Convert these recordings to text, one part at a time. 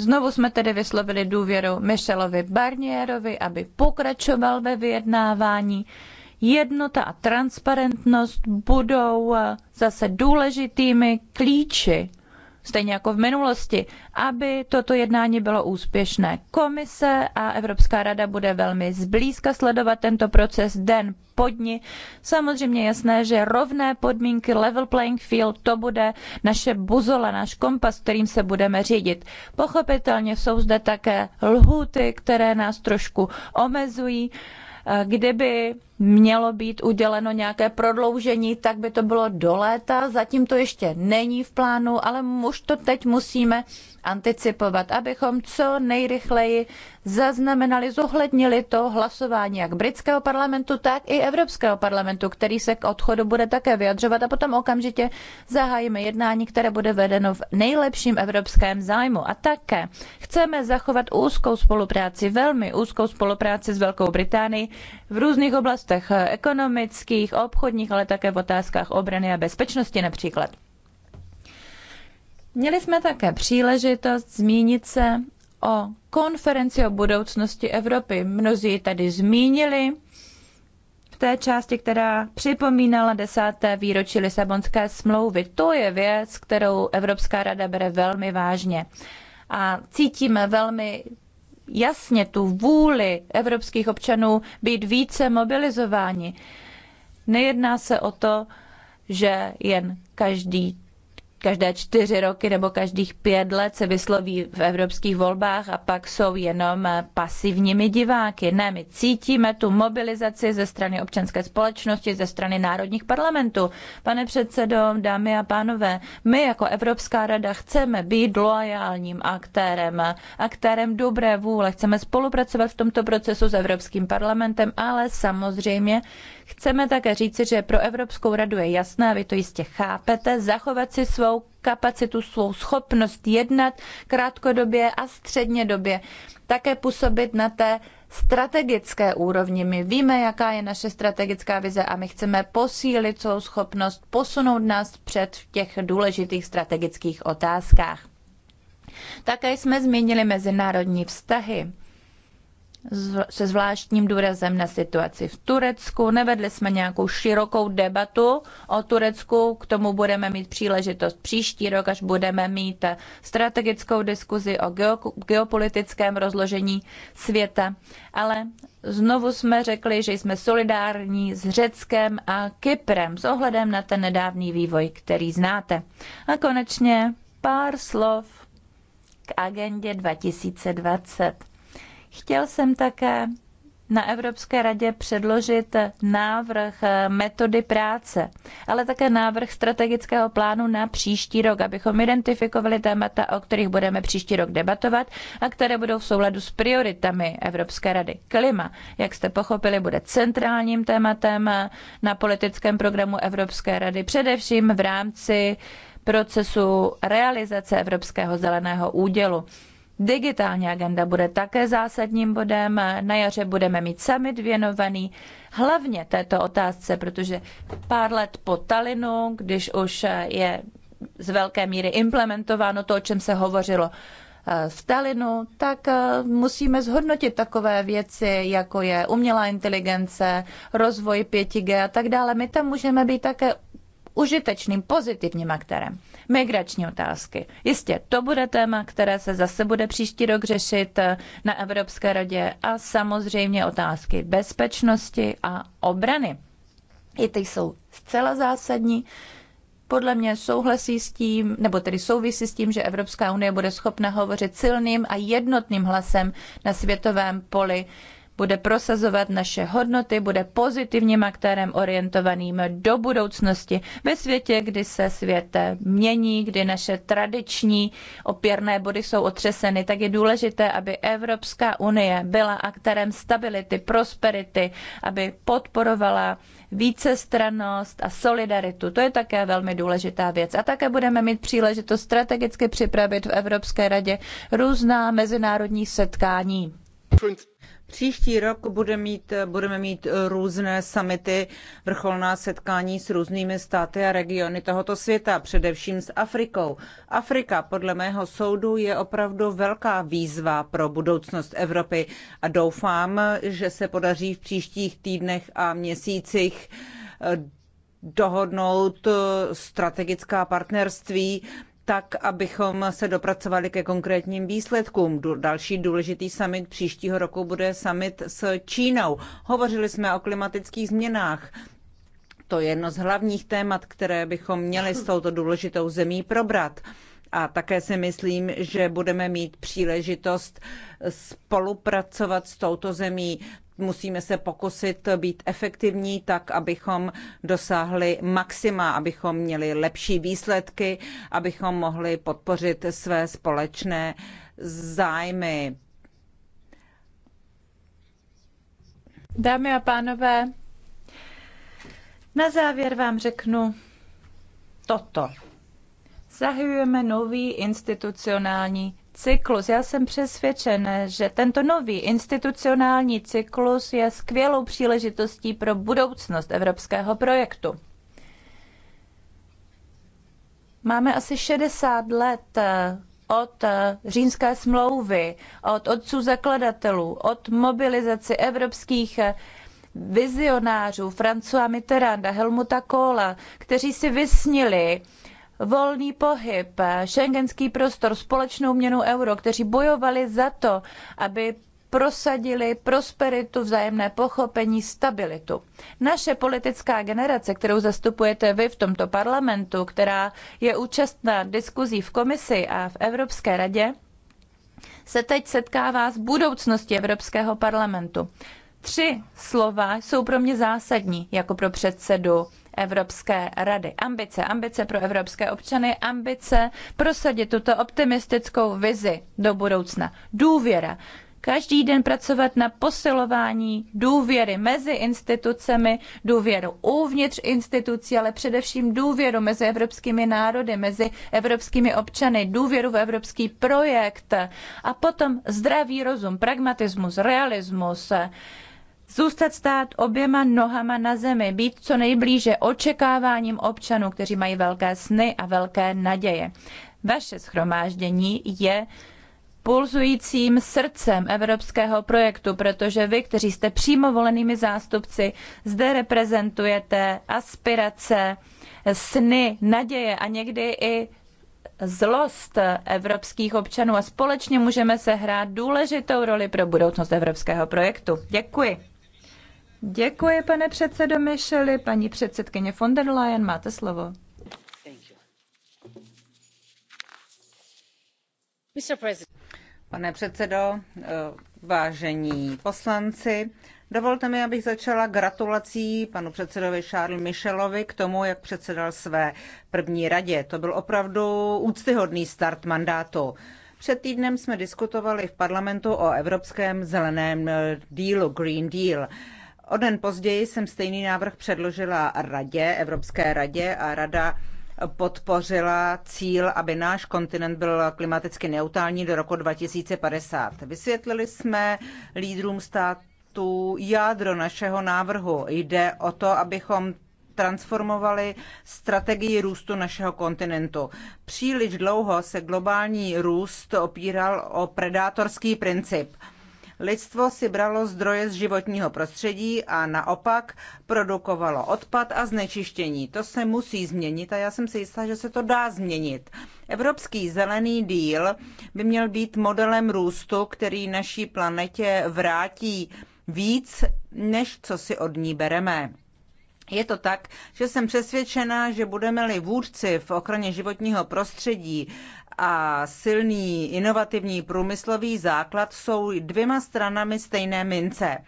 Znovu jsme tedy vyslovili důvěru Michelovi Barnierovi, aby pokračoval ve vyjednávání. Jednota a transparentnost budou eh, zase důležitými klíči stejně jako v minulosti, aby toto jednání bylo úspěšné. Komise a Evropská rada bude velmi zblízka sledovat tento proces den po dni. Samozřejmě jasné, že rovné podmínky, level playing field, to bude naše buzola, náš kompas, kterým se budeme řídit. Pochopitelně jsou zde také lhuty, které nás trošku omezují. Kdyby mělo být uděleno nějaké prodloužení, tak by to bylo do léta. Zatím to ještě není v plánu, ale už to teď musíme anticipovat, abychom co nejrychleji zaznamenali, zohlednili to hlasování jak britského parlamentu, tak i Evropského parlamentu, který se k odchodu bude také vyjadřovat a potom okamžitě zahájíme jednání, které bude vedeno v nejlepším evropském zájmu. A také chceme zachovat úzkou spolupráci, velmi úzkou spolupráci s Velkou Británií v různých oblastech eh, ekonomických, obchodních, ale také v otázkách obrany a bezpečnosti například. Měli jsme také příležitost zmínit se o konferenci o budoucnosti Evropy. Mnozí tady zmínili v té části, která připomínala desáté výročí Lisabonské smlouvy. To je věc, kterou Evropská rada bere velmi vážně. A cítíme velmi jasně tu vůli evropských občanů být více mobilizováni. Nejedná se o to, že jen každý každé čtyři roky nebo každých pět let se vysloví v evropských volbách a pak jsou jenom pasivními diváky. Ne, my cítíme tu mobilizaci ze strany občanské společnosti, ze strany národních parlamentů. Pane předsedo, dámy a pánové, my jako Evropská rada chceme být loajálním aktérem, aktérem dobré vůle. Chceme spolupracovat v tomto procesu s Evropským parlamentem, ale samozřejmě Chceme také říci, že pro Evropskou radu je jasné, a vy to jistě chápete, zachovat si svou kapacitu, svou schopnost jednat krátkodobě a střednědobě, také působit na té strategické úrovni. My víme, jaká je naše strategická vize a my chceme posílit svou schopnost posunout nás před v těch důležitých strategických otázkách. Také jsme změnili mezinárodní vztahy se zvláštním důrazem na situaci v Turecku. Nevedli jsme nějakou širokou debatu o Turecku, k tomu budeme mít příležitost příští rok, až budeme mít strategickou diskuzi o geopolitickém rozložení světa. Ale znovu jsme řekli, že jsme solidární s Řeckem a Kyprem s ohledem na ten nedávný vývoj, který znáte. A konečně pár slov k agendě 2020. Chtěl jsem také na Evropské radě předložit návrh metody práce, ale také návrh strategického plánu na příští rok, abychom identifikovali témata, o kterých budeme příští rok debatovat a které budou v souladu s prioritami Evropské rady. Klima, jak jste pochopili, bude centrálním tématem na politickém programu Evropské rady, především v rámci procesu realizace Evropského zeleného údělu. Digitální agenda bude také zásadním bodem. Na jaře budeme mít summit věnovaný hlavně této otázce, protože pár let po Talinu, když už je z velké míry implementováno to, o čem se hovořilo eh, v Talinu, tak eh, musíme zhodnotit takové věci, jako je umělá inteligence, rozvoj 5G a tak dále. My tam můžeme být také užitečným, pozitivním aktérem. Migrační otázky. Jistě, to bude téma, které se zase bude příští rok řešit eh, na Evropské radě a samozřejmě otázky bezpečnosti a obrany. I ty jsou zcela zásadní podle mě souhlasí s tím, nebo tedy souvisí s tím, že Evropská unie bude schopna hovořit silným a jednotným hlasem na světovém poli bude prosazovat naše hodnoty, bude pozitivním aktérem orientovaným do budoucnosti ve světě, kdy se svět mění, kdy naše tradiční opěrné body jsou otřeseny, tak je důležité, aby Evropská unie byla aktérem stability, prosperity, aby podporovala vícestrannost a solidaritu. To je také velmi důležitá věc. A také budeme mít příležitost strategicky připravit v Evropské radě různá mezinárodní setkání Příští rok bude mít, budeme mít různé samity, vrcholná setkání s různými státy a regiony tohoto světa, především s Afrikou. Afrika podle mého soudu je opravdu velká výzva pro budoucnost Evropy a doufám, že se podaří v příštích týdnech a měsících eh, dohodnout eh, strategická partnerství tak, abychom se dopracovali ke konkrétním výsledkům. Další důležitý summit příštího roku bude summit s Čínou. Hovořili jsme o klimatických změnách. To je jedno z hlavních témat, které bychom měli s touto důležitou zemí probrat. A také si myslím, že budeme mít příležitost spolupracovat s touto zemí musíme se pokusit být efektivní tak, abychom dosáhli maxima, abychom měli lepší výsledky, abychom mohli podpořit své společné zájmy. Dámy a pánové, na závěr vám řeknu toto. Zahajujeme nový institucionální cyklus. Já jsem přesvědčen, že tento nový institucionální cyklus je skvělou příležitostí pro budoucnost evropského projektu. Máme asi 60 let eh, od eh, římské smlouvy, od otců zakladatelů, od mobilizaci evropských eh, vizionářů François Mitterranda, Helmuta Kohla, kteří si vysnili volný pohyb, šengenský prostor, společnou měnu euro, kteří bojovali za to, aby prosadili prosperitu, vzájemné pochopení, stabilitu. Naše politická generace, kterou zastupujete vy v tomto parlamentu, která je účastná diskuzí v komisi a v Evropské radě, se teď setkává s budoucností Evropského parlamentu. Tři slova jsou pro mě zásadní, jako pro předsedu Evropské rady. Ambice, ambice pro evropské občany, ambice prosadit tuto optimistickou vizi do budoucna. Důvěra. Každý den pracovat na posilování důvěry mezi institucemi, důvěru uvnitř institucí, ale především důvěru mezi evropskými národy, mezi evropskými občany, důvěru v evropský projekt a potom zdravý rozum, pragmatismus, realismus zůstat stát oběma nohama na zemi, být co nejblíže očekáváním občanů, kteří mají velké sny a velké naděje. Vaše schromáždění je pulzujícím srdcem evropského projektu, protože vy, kteří jste přímo volenými zástupci, zde reprezentujete aspirace, sny, naděje a někdy i zlost evropských občanů a společně můžeme se hrát důležitou roli pro budoucnost evropského projektu. Děkuji. Děkuji, pane předsedo Micheli. Paní předsedkyně von der Leyen, máte slovo. Pane předsedo, vážení poslanci, dovolte mi, abych začala gratulací panu předsedovi Charles Michelovi k tomu, jak předsedal své první radě. To byl opravdu úctyhodný start mandátu. Před týdnem jsme diskutovali v parlamentu o evropském zeleném dílu, Green Deal. O den později jsem stejný návrh předložila radě, Evropské radě a rada podpořila cíl, aby náš kontinent byl klimaticky neutrální do roku 2050. Vysvětlili jsme lídrům států jádro našeho návrhu. Jde o to, abychom transformovali strategii růstu našeho kontinentu. Příliš dlouho se globální růst opíral o predátorský princip Lidstvo si bralo zdroje z životního prostředí a naopak produkovalo odpad a znečištění. To se musí změnit a já jsem si jistá, že se to dá změnit. Evropský zelený díl by měl být modelem růstu, který naší planetě vrátí víc, než co si od ní bereme. Je to tak, že jsem přesvědčena, že budeme-li vůdci v ochraně životního prostředí a silný inovativní průmyslový základ jsou dvěma stranami stejné mince.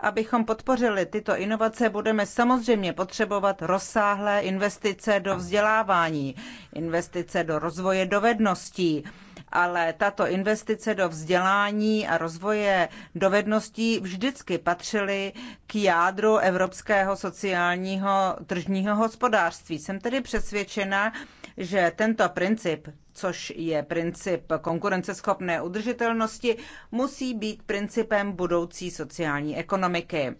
Abychom podpořili tyto inovace, budeme samozřejmě potřebovat rozsáhlé investice do vzdělávání, investice do rozvoje dovedností ale tato investice do vzdělání a rozvoje dovedností vždycky patřily k jádru evropského sociálního tržního hospodářství. Jsem tedy přesvědčena, že tento princip, což je princip konkurenceschopné udržitelnosti, musí být principem budoucí sociální ekonomiky.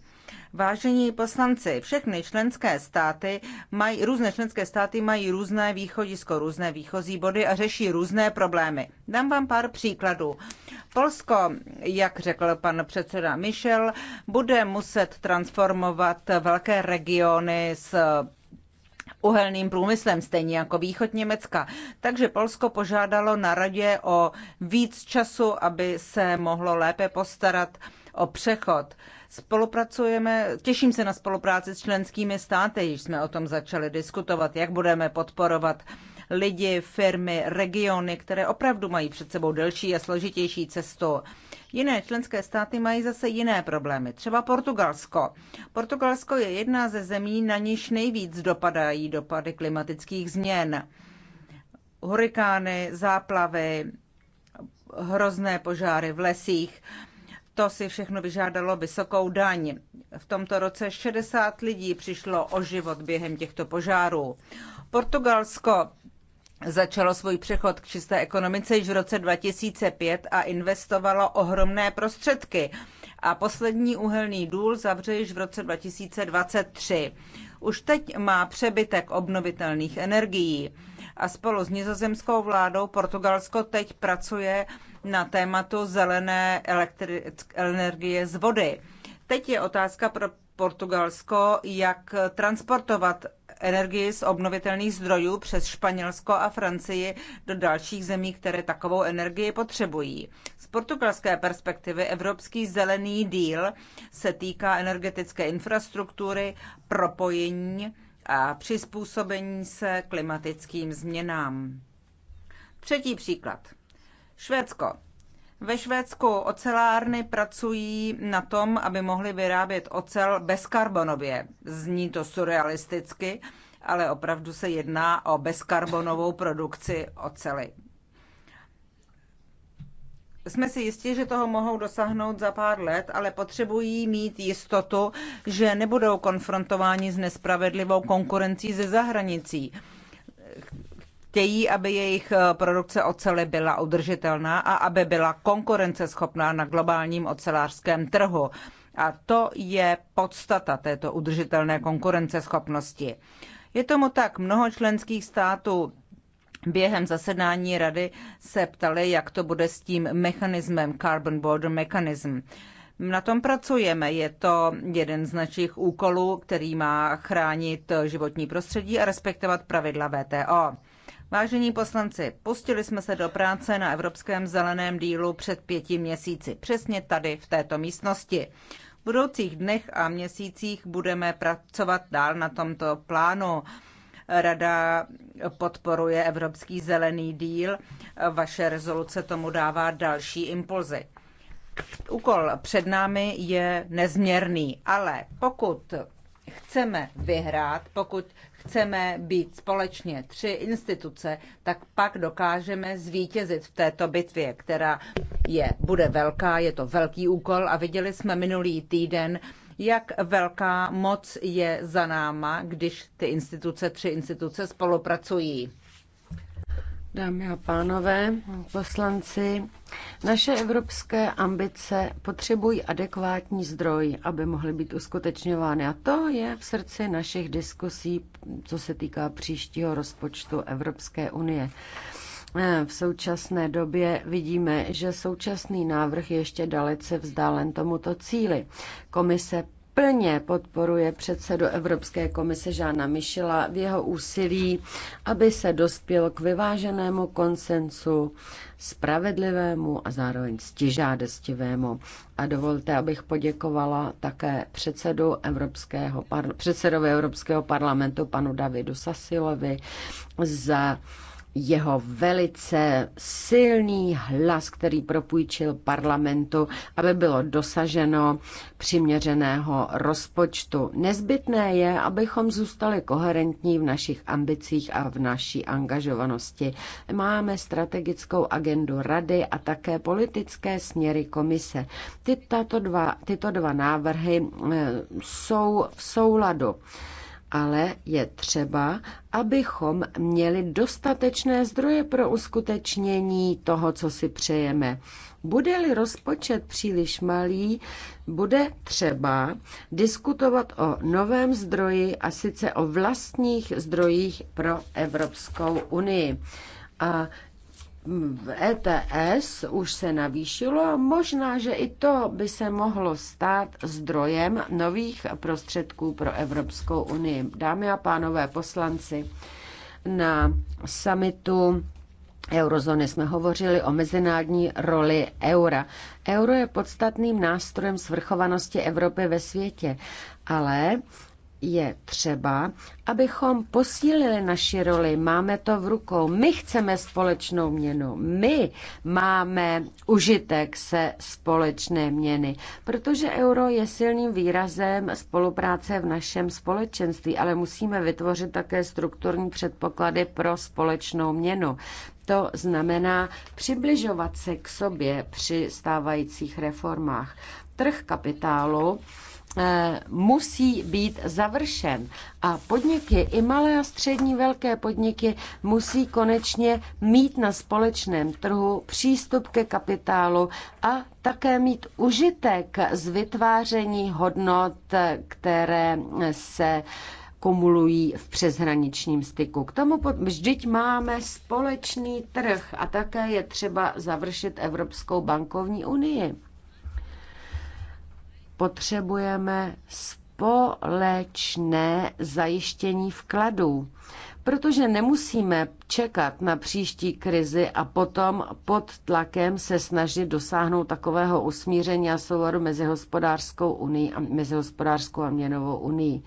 Vážení poslanci, všechny členské státy mají, různé členské státy mají různé východisko, různé výchozí body a řeší různé problémy. Dám vám pár příkladů. Polsko, jak řekl pan předseda Michel, bude muset transformovat velké regiony s uhelným průmyslem, stejně jako východ Německa. Takže Polsko požádalo na radě o víc času, aby se mohlo lépe postarat o přechod. Spolupracujeme, těším se na spolupráci s členskými státy, již jsme o tom začali diskutovat, jak budeme podporovat lidi, firmy, regiony, které opravdu mají před sebou delší a složitější cestu. Jiné členské státy mají zase jiné problémy, třeba Portugalsko. Portugalsko je jedna ze zemí, na níž nejvíc dopadají dopady klimatických změn. Hurikány, záplavy, hrozné požáry v lesích. To si všechno vyžádalo vysokou daň. V tomto roce 60 lidí přišlo o život během těchto požárů. Portugalsko začalo svůj přechod k čisté ekonomice již v roce 2005 a investovalo ohromné prostředky. A poslední uhelný důl zavře již v roce 2023. Už teď má přebytek obnovitelných energií a spolu s nizozemskou vládou Portugalsko teď pracuje na tématu zelené energie z vody. Teď je otázka pro Portugalsko, jak transportovat energii z obnovitelných zdrojů přes Španělsko a Francii do dalších zemí, které takovou energii potřebují. Z portugalské perspektivy Evropský zelený díl se týká energetické infrastruktury, propojení a přizpůsobení se klimatickým změnám. Třetí příklad. Švédsko. Ve Švédsku ocelárny pracují na tom, aby mohli vyrábět ocel bezkarbonově. Zní to surrealisticky, ale opravdu se jedná o bezkarbonovou produkci ocely jsme si jistí, že toho mohou dosáhnout za pár let, ale potřebují mít jistotu, že nebudou konfrontováni s nespravedlivou konkurencí ze zahranicí. Chtějí, aby jejich eh, produkce ocele byla udržitelná a aby byla konkurenceschopná na globálním ocelářském trhu. A to je podstata této udržitelné konkurenceschopnosti. Je tomu tak, mnoho členských států během zasedání rady se ptali, jak to bude s tím mechanismem Carbon Border Mechanism. Na tom pracujeme. Je to jeden z našich úkolů, který má chránit životní prostředí a respektovat pravidla VTO. Vážení poslanci, pustili jsme se do práce na Evropském zeleném dílu před pěti měsíci, přesně tady v této místnosti. V budoucích dnech a měsících budeme pracovat dál na tomto plánu. Rada podporuje Evropský zelený díl. Vaše rezoluce tomu dává další impulzy. Úkol před námi je nezměrný, ale pokud chceme vyhrát, pokud chceme být společně tři instituce, tak pak dokážeme zvítězit v této bitvě, která je, bude velká, je to velký úkol a viděli jsme minulý týden, jak velká moc je za náma, když ty instituce, tři instituce spolupracují. Dámy a pánové, poslanci, naše evropské ambice potřebují adekvátní zdroj, aby mohly být uskutečňovány. A to je v srdci našich diskusí, co se týká příštího rozpočtu Evropské unie. Eh, v současné době vidíme, že současný návrh je ještě dalece vzdálen tomuto cíli. Komise plně podporuje předsedu Evropské komise Žána Michela v jeho úsilí, aby se dospěl k vyváženému konsensu, spravedlivému a zároveň stižádestivému. A dovolte, abych poděkovala také předsedu Evropského, předsedovi Evropského parlamentu panu Davidu Sasilovi za jeho velice silný hlas, který propůjčil parlamentu, aby bylo dosaženo přiměřeného rozpočtu. Nezbytné je, abychom zůstali koherentní v našich ambicích a v naší angažovanosti. Máme strategickou agendu rady a také politické směry komise. Ty, tato dva, tyto dva návrhy eh, jsou v souladu ale je třeba, abychom měli dostatečné zdroje pro uskutečnění toho, co si přejeme. Bude-li rozpočet příliš malý, bude třeba diskutovat o novém zdroji a sice o vlastních zdrojích pro Evropskou unii. A ETS už se navýšilo a možná, že i to by se mohlo stát zdrojem nových prostředků pro Evropskou unii. Dámy a pánové poslanci, na summitu eurozóny jsme hovořili o mezinárodní roli eura. Euro je podstatným nástrojem svrchovanosti Evropy ve světě, ale je třeba, abychom posílili naši roli. Máme to v rukou. My chceme společnou měnu. My máme užitek se společné měny, protože euro je silným výrazem spolupráce v našem společenství, ale musíme vytvořit také strukturní předpoklady pro společnou měnu. To znamená přibližovat se k sobě při stávajících reformách. Trh kapitálu Eh, musí být završen. A podniky, i malé a střední velké podniky, musí konečně mít na společném trhu přístup ke kapitálu a také mít užitek z vytváření hodnot, které se kumulují v přeshraničním styku. K tomu pod... vždyť máme společný trh a také je třeba završit Evropskou bankovní unii potřebujeme společné zajištění vkladů protože nemusíme čekat na příští krizi a potom pod tlakem se snažit dosáhnout takového usmíření a souladu mezi hospodářskou unii a mezi hospodářskou a měnovou unii.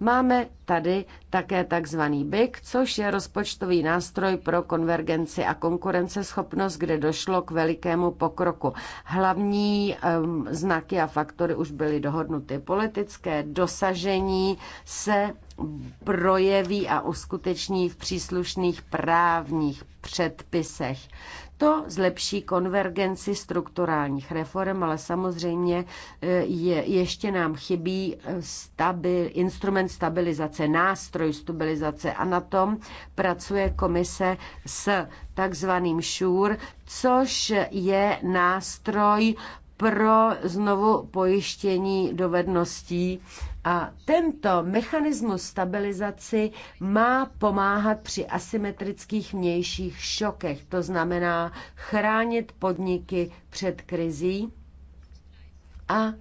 Máme tady také takzvaný BIC, což je rozpočtový nástroj pro konvergenci a konkurenceschopnost, kde došlo k velikému pokroku. Hlavní um, znaky a faktory už byly dohodnuty. Politické dosažení se projeví a uskuteční v příslušných právních předpisech. To zlepší konvergenci strukturálních reform, ale samozřejmě eh, je, ještě nám chybí eh, stabil, instrument stabilizace, nástroj stabilizace a na tom pracuje komise s takzvaným ŠUR, což je nástroj pro znovu pojištění dovedností a tento mechanismus stabilizaci má pomáhat při asymetrických vnějších šokech, to znamená chránit podniky před krizí a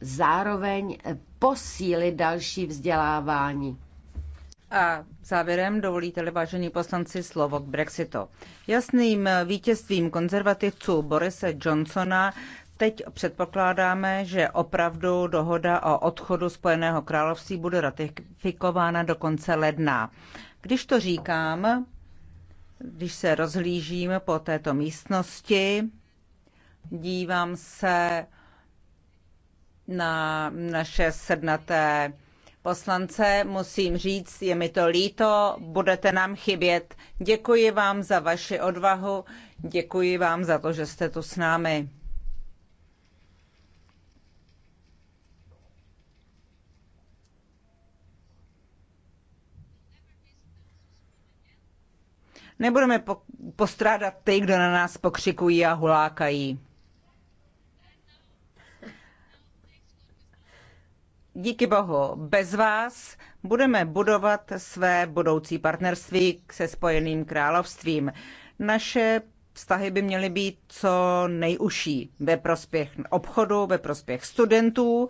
zároveň posílit další vzdělávání. A závěrem dovolíte-li, vážení poslanci, slovo k Brexitu. Jasným vítězstvím konzervativců Borise Johnsona Teď předpokládáme, že opravdu dohoda o odchodu Spojeného království bude ratifikována do konce ledna. Když to říkám, když se rozhlížím po této místnosti, dívám se na naše sednaté poslance, musím říct, je mi to líto, budete nám chybět. Děkuji vám za vaši odvahu, děkuji vám za to, že jste tu s námi. Nebudeme po- postrádat ty, kdo na nás pokřikují a hulákají. Díky bohu, bez vás budeme budovat své budoucí partnerství se Spojeným královstvím. Naše vztahy by měly být co nejužší ve prospěch obchodu, ve prospěch studentů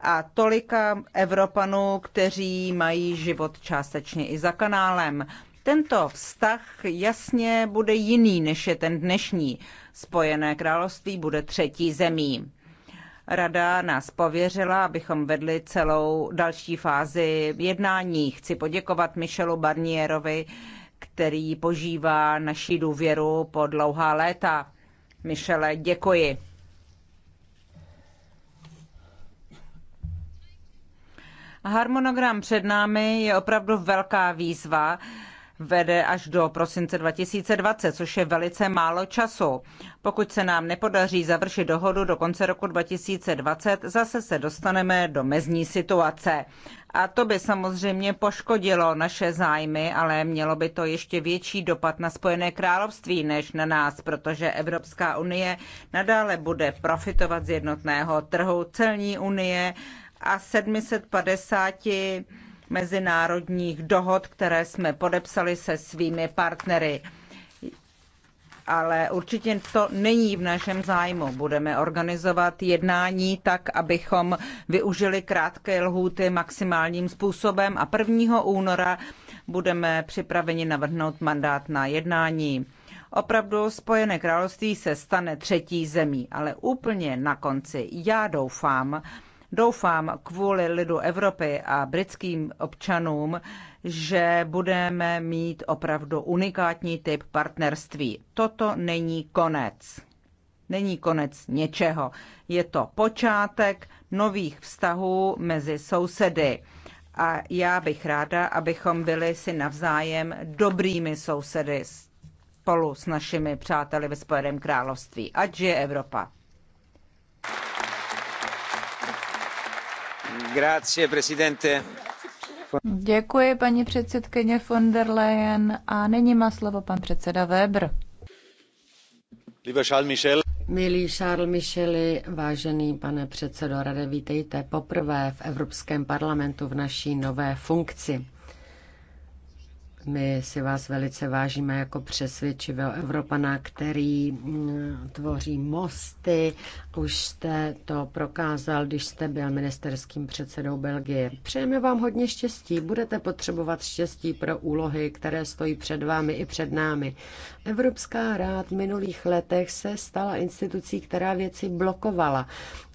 a tolika Evropanů, kteří mají život částečně i za kanálem. Tento vztah jasně bude jiný, než je ten dnešní. Spojené království bude třetí zemí. Rada nás pověřila, abychom vedli celou další fázi jednání. Chci poděkovat Michelu Barnierovi, který požívá naší důvěru po dlouhá léta. Michele, děkuji. Harmonogram před námi je opravdu velká výzva vede až do prosince 2020, což je velice málo času. Pokud se nám nepodaří završit dohodu do konce roku 2020, zase se dostaneme do mezní situace. A to by samozřejmě poškodilo naše zájmy, ale mělo by to ještě větší dopad na Spojené království než na nás, protože Evropská unie nadále bude profitovat z jednotného trhu celní unie a 750 mezinárodních dohod, které jsme podepsali se svými partnery. Ale určitě to není v našem zájmu. Budeme organizovat jednání tak, abychom využili krátké lhůty maximálním způsobem a 1. února budeme připraveni navrhnout mandát na jednání. Opravdu Spojené království se stane třetí zemí, ale úplně na konci já doufám, Doufám kvůli lidu Evropy a britským občanům, že budeme mít opravdu unikátní typ partnerství. Toto není konec. Není konec něčeho. Je to počátek nových vztahů mezi sousedy. A já bych ráda, abychom byli si navzájem dobrými sousedy spolu s našimi přáteli ve Spojeném království. Ať je Evropa. Děkuji, paní předsedkyně von der Leyen. A nyní má slovo pan předseda Weber. Milý Charles Micheli, vážený pane předsedo rady, vítejte poprvé v Evropském parlamentu v naší nové funkci. My si vás velice vážíme jako přesvědčivého Evropana, který mm, tvoří mosty. Už jste to prokázal, když jste byl ministerským předsedou Belgie. Přejeme vám hodně štěstí. Budete potřebovat štěstí pro úlohy, které stojí před vámi i před námi. Evropská rád v minulých letech se stala institucí, která věci blokovala.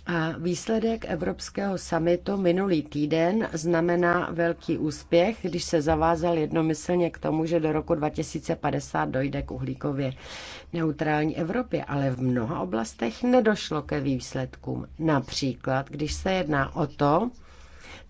A výsledek Evropského samitu minulý týden znamená velký úspěch, když se zavázal jednomyslně k tomu, že do roku 2050 dojde k uhlíkově neutrální Evropě, ale v mnoha oblastech nedošlo ke výsledkům. Například, když se jedná o to,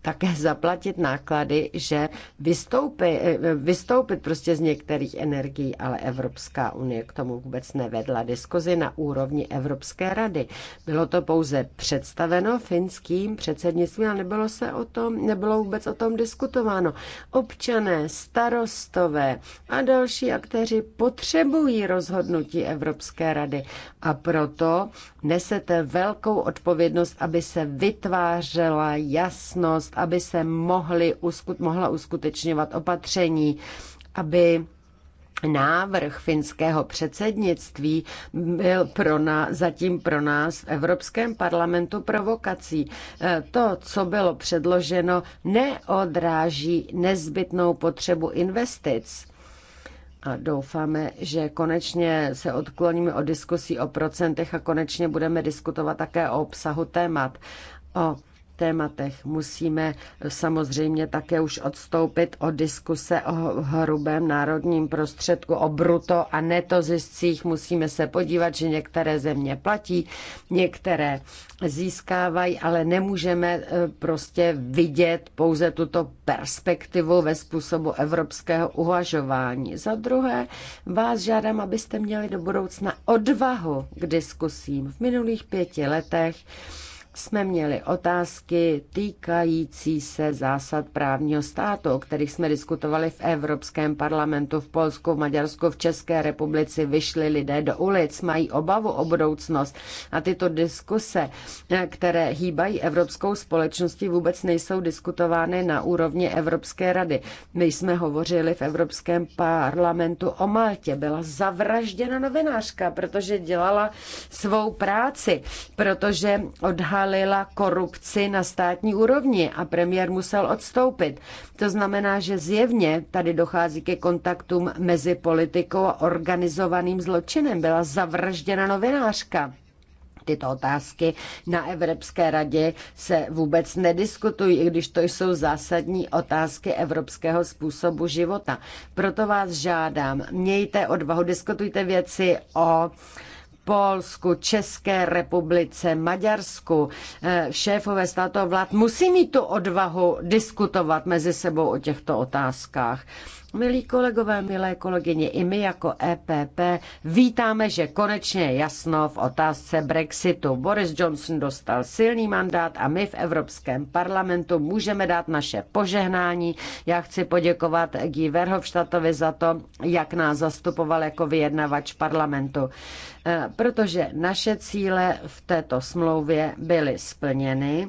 také zaplatit náklady, že vystoupit, vystoupit prostě z některých energií, ale Evropská unie k tomu vůbec nevedla diskuzi na úrovni Evropské rady. Bylo to pouze představeno finským předsednictvím, ale nebylo, se o tom, nebylo vůbec o tom diskutováno. Občané, starostové a další aktéři potřebují rozhodnutí Evropské rady a proto nesete velkou odpovědnost, aby se vytvářela jasnost aby se mohly, mohla uskutečňovat opatření, aby návrh finského předsednictví byl pro nás, zatím pro nás v Evropském parlamentu provokací. E, to, co bylo předloženo, neodráží nezbytnou potřebu investic. A doufáme, že konečně se odkloníme od diskusí o procentech a konečně budeme diskutovat také o obsahu témat, o tématech. Musíme samozřejmě také už odstoupit od diskuse o hrubém národním prostředku, o bruto a netoziscích. Musíme se podívat, že některé země platí, některé získávají, ale nemůžeme eh, prostě vidět pouze tuto perspektivu ve způsobu evropského uvažování. Za druhé, vás žádám, abyste měli do budoucna odvahu k diskusím. V minulých pěti letech jsme měli otázky týkající se zásad právního státu, o kterých jsme diskutovali v Evropském parlamentu, v Polsku, v Maďarsku, v České republice. Vyšli lidé do ulic, mají obavu o budoucnost a tyto diskuse, které hýbají evropskou společností, vůbec nejsou diskutovány na úrovni Evropské rady. My jsme hovořili v Evropském parlamentu o Maltě. Byla zavražděna novinářka, protože dělala svou práci, protože odhalila odhalila korupci na státní úrovni a premiér musel odstoupit. To znamená, že zjevně tady dochází ke kontaktům mezi politikou a organizovaným zločinem. Byla zavražděna novinářka tyto otázky na Evropské radě se vůbec nediskutují, i když to jsou zásadní otázky evropského způsobu života. Proto vás žádám, mějte odvahu, diskutujte věci o Polsku, České republice, Maďarsku, eh, šéfové státu a vlád musí mít tu odvahu diskutovat mezi sebou o těchto otázkách. Milí kolegové, milé kolegyně, i my jako EPP vítáme, že konečně je jasno v otázce Brexitu. Boris Johnson dostal silný mandát a my v Evropském parlamentu můžeme dát naše požehnání. Já chci poděkovat Guy Verhofstadtovi za to, jak nás zastupoval jako vyjednavač parlamentu eh, protože naše cíle v této smlouvě byly splněny.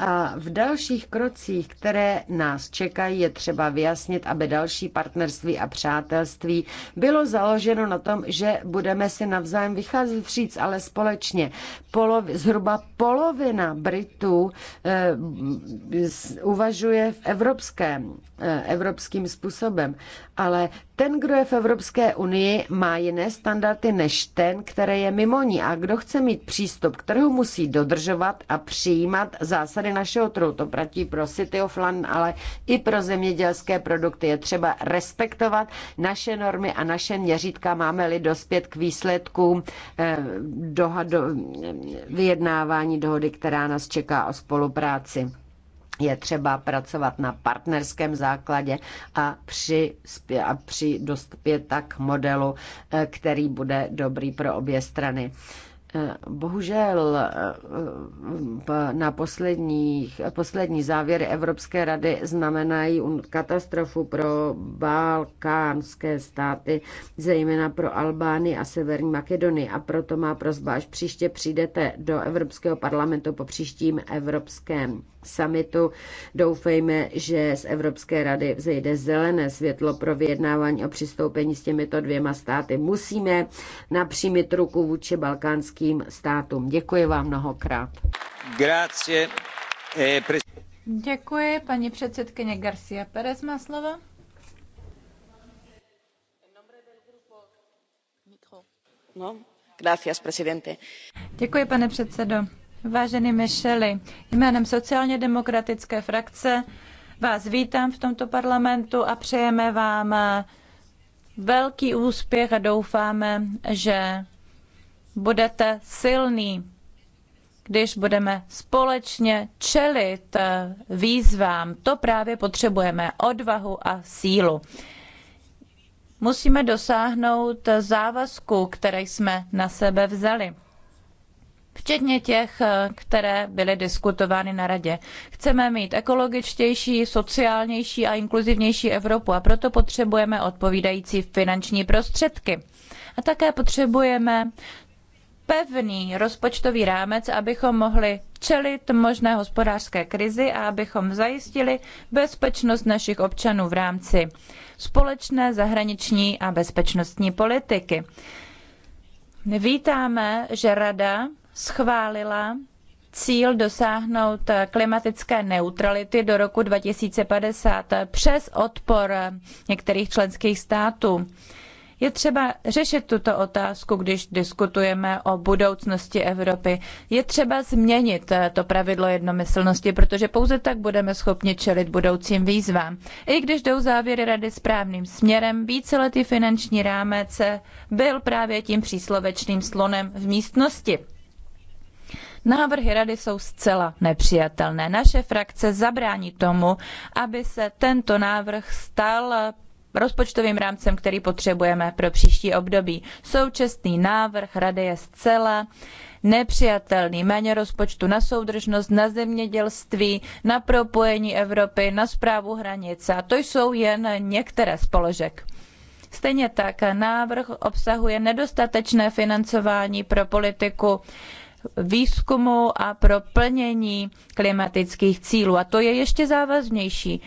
A v dalších krocích, které nás čekají, je třeba vyjasnit, aby další partnerství a přátelství bylo založeno na tom, že budeme si navzájem vycházet vstříc, ale společně. Polovi, zhruba polovina Britů eh, uvažuje v evropském, e, evropským způsobem, ale ten, kdo je v Evropské unii, má jiné standardy než ten, který je mimo ní. A kdo chce mít přístup k trhu, musí dodržovat a přijímat zásady našeho trhu. To platí pro City of London, ale i pro zemědělské produkty. Je třeba respektovat naše normy a naše měřítka. Máme-li dospět k výsledkům eh, dohado, vyjednávání dohody, která nás čeká o spolupráci je třeba pracovat na partnerském základě a, při, a při tak modelu, eh, který bude dobrý pro obě strany. Eh, bohužel eh, na posledních, poslední závěry Evropské rady znamenají katastrofu pro balkánské státy, zejména pro Albány a Severní Makedonii. A proto má prozba, až příště přijdete do Evropského parlamentu po příštím evropském summitu. Doufejme, že z Evropské rady vzejde zelené světlo pro vyjednávání o přistoupení s těmito dvěma státy. Musíme napřímit ruku vůči balkánským státům. Děkuji vám mnohokrát. Grazie. Eh, Děkuji, paní předsedkyně Garcia Perez má slovo. No, gracias, presidente. Děkuji, pane předsedo. Vážený Mišeli, jménem sociálně demokratické frakce vás vítám v tomto parlamentu a přejeme vám eh, velký úspěch a doufáme, že budete silný, když budeme společně čelit eh, výzvám. To právě potřebujeme, odvahu a sílu. Musíme dosáhnout závazku, které jsme na sebe vzali včetně těch, eh, které byly diskutovány na radě. Chceme mít ekologičtější, sociálnější a inkluzivnější Evropu a proto potřebujeme odpovídající finanční prostředky. A také potřebujeme pevný rozpočtový rámec, abychom mohli čelit možné hospodářské krizi a abychom zajistili bezpečnost našich občanů v rámci společné zahraniční a bezpečnostní politiky. Vítáme, že Rada schválila cíl dosáhnout klimatické neutrality do roku 2050 přes odpor některých členských států. Je třeba řešit tuto otázku, když diskutujeme o budoucnosti Evropy. Je třeba změnit to pravidlo jednomyslnosti, protože pouze tak budeme schopni čelit budoucím výzvám. I když jdou závěry rady správným směrem, víceletý finanční rámec byl právě tím příslovečným slonem v místnosti. Návrhy rady jsou zcela nepřijatelné. Naše frakce zabrání tomu, aby se tento návrh stal rozpočtovým rámcem, který potřebujeme pro příští období. Současný návrh rady je zcela nepřijatelný. Méně rozpočtu na soudržnost, na zemědělství, na propojení Evropy, na správu hranice. A to jsou jen některé z položek. Stejně tak návrh obsahuje nedostatečné financování pro politiku výzkumu a pro plnění klimatických cílů. A to je ještě závažnější.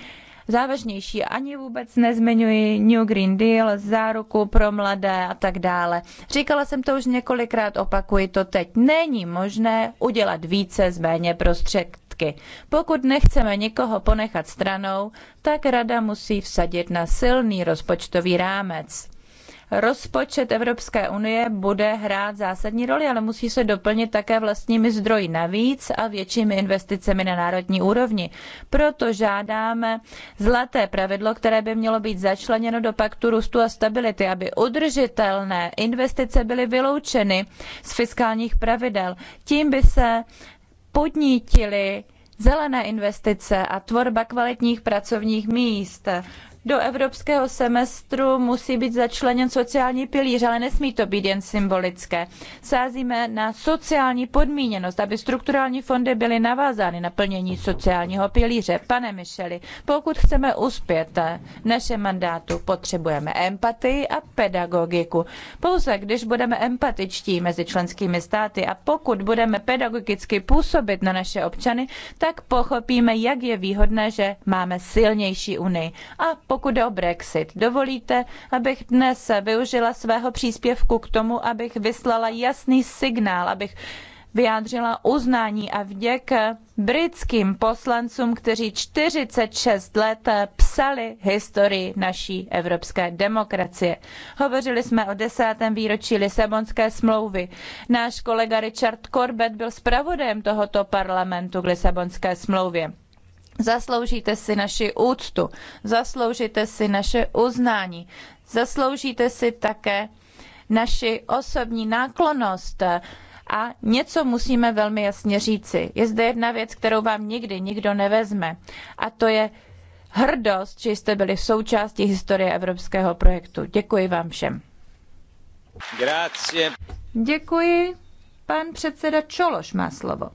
Závažnější ani vůbec nezmiňuji New Green Deal, záruku pro mladé a tak dále. Říkala jsem to už několikrát, opakuji to teď. Není možné udělat více z méně prostředky. Pokud nechceme nikoho ponechat stranou, tak rada musí vsadit na silný rozpočtový rámec Rozpočet Evropské unie bude hrát zásadní roli, ale musí se doplnit také vlastními zdroji navíc a většími investicemi na národní úrovni. Proto žádáme zlaté pravidlo, které by mělo být začleněno do paktu růstu a stability, aby udržitelné investice byly vyloučeny z fiskálních pravidel. Tím by se podnítily zelené investice a tvorba kvalitních pracovních míst do evropského semestru musí být začleněn sociální pilíř, ale nesmí to být jen symbolické. Sázíme na sociální podmíněnost, aby strukturální fondy byly navázány na plnění sociálního pilíře. Pane Mišeli, pokud chceme uspět v eh, našem mandátu, potřebujeme empatii a pedagogiku. Pouze když budeme empatičtí mezi členskými státy a pokud budeme pedagogicky působit na naše občany, tak pochopíme, jak je výhodné, že máme silnější unii. A pokud jde o Brexit, dovolíte, abych dnes využila svého příspěvku k tomu, abych vyslala jasný signál, abych vyjádřila uznání a vděk britským poslancům, kteří 46 let psali historii naší evropské demokracie. Hovořili jsme o desátém výročí Lisabonské smlouvy. Náš kolega Richard Corbett byl zpravodajem tohoto parlamentu k Lisabonské smlouvě. Zasloužíte si naši úctu, zasloužíte si naše uznání, zasloužíte si také naši osobní náklonost. A něco musíme velmi jasně říci. Je zde jedna věc, kterou vám nikdy nikdo nevezme. A to je hrdost, že jste byli součástí historie evropského projektu. Děkuji vám všem. Grazie. Děkuji. Pan předseda Čološ má slovo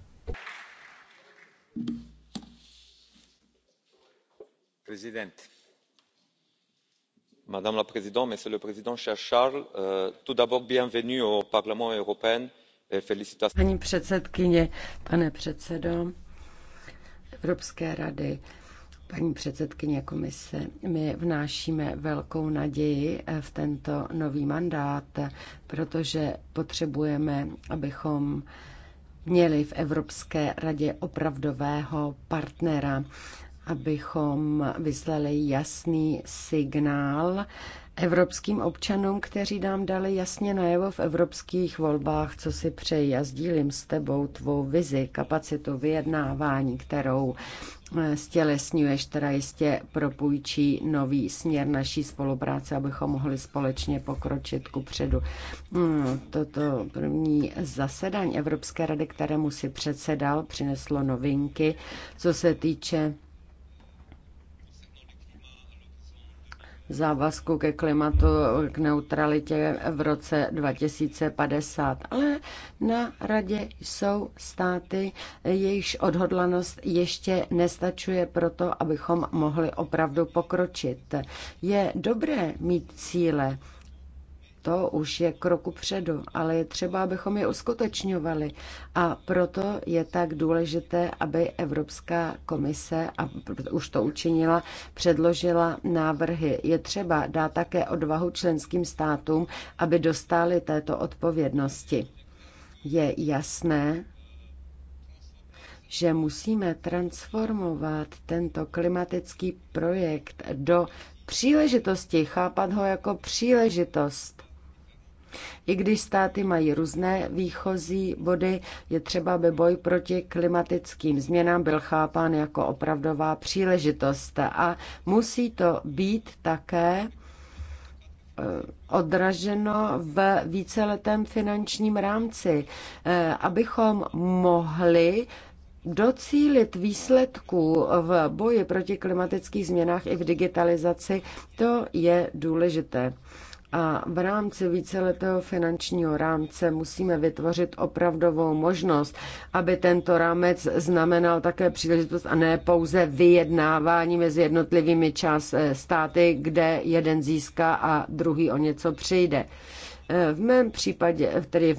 madame la présidente monsieur le président cher charles euh, tout d'abord bienvenue au parlement européen et félicitations. paní předsedkyně pane předsedo evropské rady paní předsedkyně komise my vnášíme velkou naději v tento nový mandát protože potřebujeme abychom měli v Evropské radě opravdového partnera abychom vyslali jasný signál evropským občanům, kteří nám dali jasně najevo v evropských volbách, co si přeji. A sdílím s tebou tvou vizi, kapacitu vyjednávání, kterou eh, stělesňuješ, teda jistě propůjčí nový směr naší spolupráce, abychom mohli společně pokročit ku předu. Hmm, toto první zasedání Evropské rady, kterému si předsedal, přineslo novinky, co se týče závazku ke klimatu, k neutralitě v roce 2050. Ale na radě jsou státy, jejichž odhodlanost ještě nestačuje pro to, abychom mohli opravdu pokročit. Je dobré mít cíle, to už je kroku předu, ale je třeba, abychom je uskutečňovali. A proto je tak důležité, aby Evropská komise, a už to učinila, předložila návrhy. Je třeba dát také odvahu členským státům, aby dostali této odpovědnosti. Je jasné, že musíme transformovat tento klimatický projekt do příležitosti, chápat ho jako příležitost. I když státy mají různé výchozí body, je třeba, aby boj proti klimatickým změnám byl chápán jako opravdová příležitost. A musí to být také eh, odraženo v víceletém finančním rámci, eh, abychom mohli docílit výsledků v boji proti klimatických změnách i v digitalizaci, to je důležité. A v rámci víceletého finančního rámce musíme vytvořit opravdovou možnost, aby tento rámec znamenal také příležitost a ne pouze vyjednávání mezi jednotlivými čas eh, státy, kde jeden získá a druhý o něco přijde. Eh, v mém případě, eh, tedy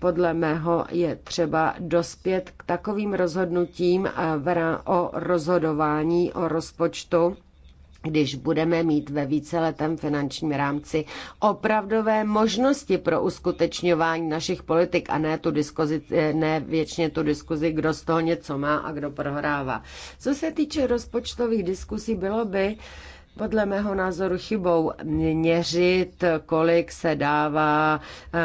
podle mého, je třeba dospět k takovým rozhodnutím v, o rozhodování o rozpočtu, když budeme mít ve víceletém finančním rámci opravdové možnosti pro uskutečňování našich politik a ne, tu diskuzi, ne věčně tu diskuzi, kdo z toho něco má a kdo prohrává. Co se týče rozpočtových diskusí, bylo by podle mého názoru chybou měřit, kolik se dává eh,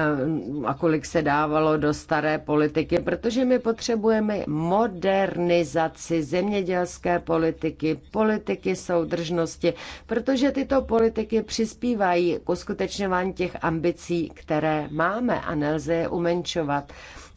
a kolik se dávalo do staré politiky, protože my potřebujeme modernizaci zemědělské politiky, politiky soudržnosti, protože tyto politiky přispívají k uskutečňování těch ambicí, které máme a nelze je umenčovat.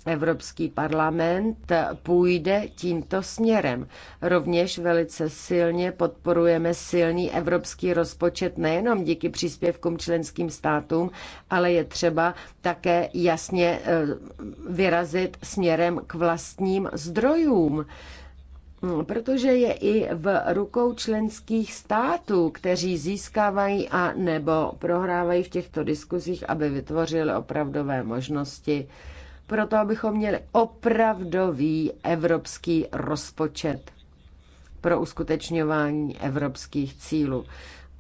Evropský parlament půjde tímto směrem. Rovněž velice silně podporujeme silný evropský rozpočet nejenom díky příspěvkům členským státům, ale je třeba také jasně eh, vyrazit směrem k vlastním zdrojům. Mm, protože je i v rukou členských států, kteří získávají a nebo prohrávají v těchto diskuzích, aby vytvořili opravdové možnosti proto abychom měli opravdový evropský rozpočet pro uskutečňování evropských cílů.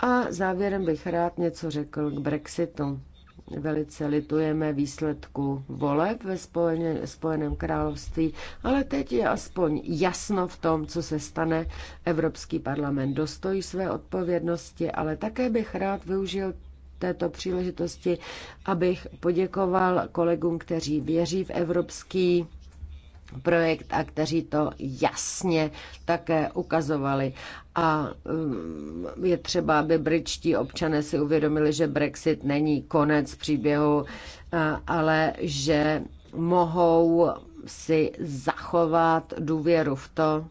A závěrem bych rád něco řekl k Brexitu. Velice litujeme výsledku voleb ve Spojeném království, ale teď je aspoň jasno v tom, co se stane. Evropský parlament dostojí své odpovědnosti, ale také bych rád využil této příležitosti, abych poděkoval kolegům, kteří věří v evropský projekt a kteří to jasně také ukazovali. A mm, je třeba, aby britští občané si uvědomili, že Brexit není konec příběhu, ale že mohou si zachovat důvěru v to,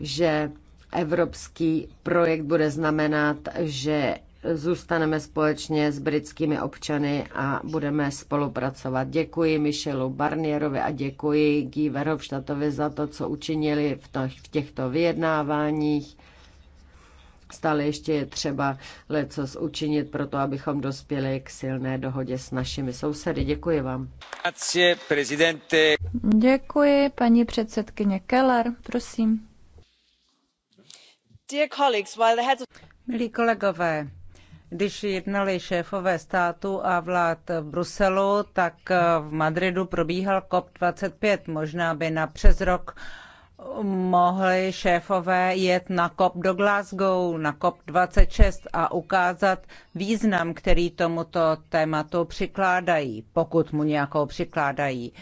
že evropský projekt bude znamenat, že zůstaneme společně s britskými občany a budeme spolupracovat. Děkuji Michelu Barnierovi a děkuji Guy Verhofstadtovi za to, co učinili v těchto vyjednáváních. Stále ještě je třeba leco učinit pro to, abychom dospěli k silné dohodě s našimi sousedy. Děkuji vám. Děkuji, paní předsedkyně Keller, prosím. Milí kolegové, když jednali šéfové státu a vlád v Bruselu, tak v Madridu probíhal COP25. Možná by na přes rok mohli šéfové jet na COP do Glasgow, na COP26 a ukázat význam, který tomuto tématu přikládají, pokud mu nějakou přikládají.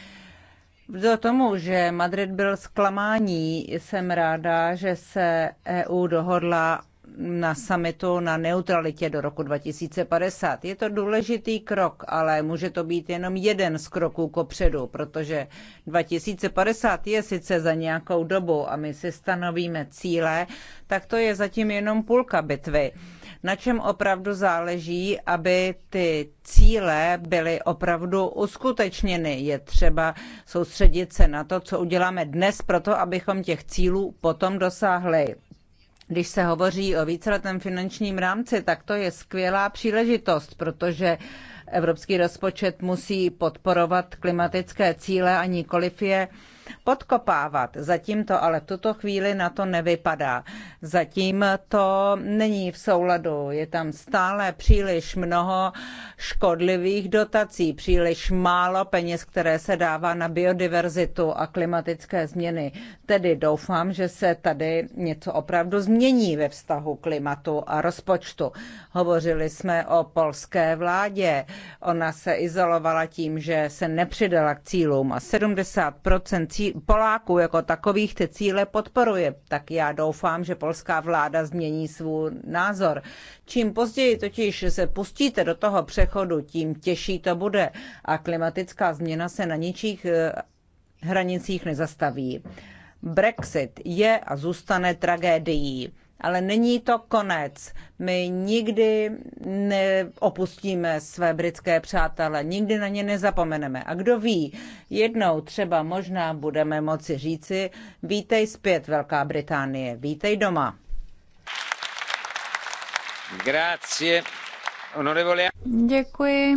Do tomu, že Madrid byl zklamání, jsem ráda, že se EU dohodla na samitu na neutralitě do roku 2050. Je to důležitý krok, ale může to být jenom jeden z kroků kopředu, protože 2050 je sice za nějakou dobu a my si stanovíme cíle, tak to je zatím jenom půlka bitvy. Na čem opravdu záleží, aby ty cíle byly opravdu uskutečněny. Je třeba soustředit se na to, co uděláme dnes proto, abychom těch cílů potom dosáhli když se hovoří o víceletém finančním rámci, tak to je skvělá příležitost, protože evropský rozpočet musí podporovat klimatické cíle a nikoliv je podkopávat. Zatím to ale v tuto chvíli na to nevypadá. Zatím to není v souladu. Je tam stále příliš mnoho škodlivých dotací, příliš málo peněz, které se dává na biodiverzitu a klimatické změny. Tedy doufám, že se tady něco opravdu změní ve vztahu klimatu a rozpočtu. Hovořili jsme o polské vládě. Ona se izolovala tím, že se nepřidala k cílům a 70 Poláků jako takových ty cíle podporuje. Tak já doufám, že polská vláda změní svůj názor. Čím později totiž se pustíte do toho přechodu, tím těžší to bude a klimatická změna se na ničích eh, hranicích nezastaví. Brexit je a zůstane tragédií ale není to konec. My nikdy neopustíme své britské přátele, nikdy na ně nezapomeneme. A kdo ví, jednou třeba možná budeme moci říci, vítej zpět Velká Británie, vítej doma. Grazie. Děkuji.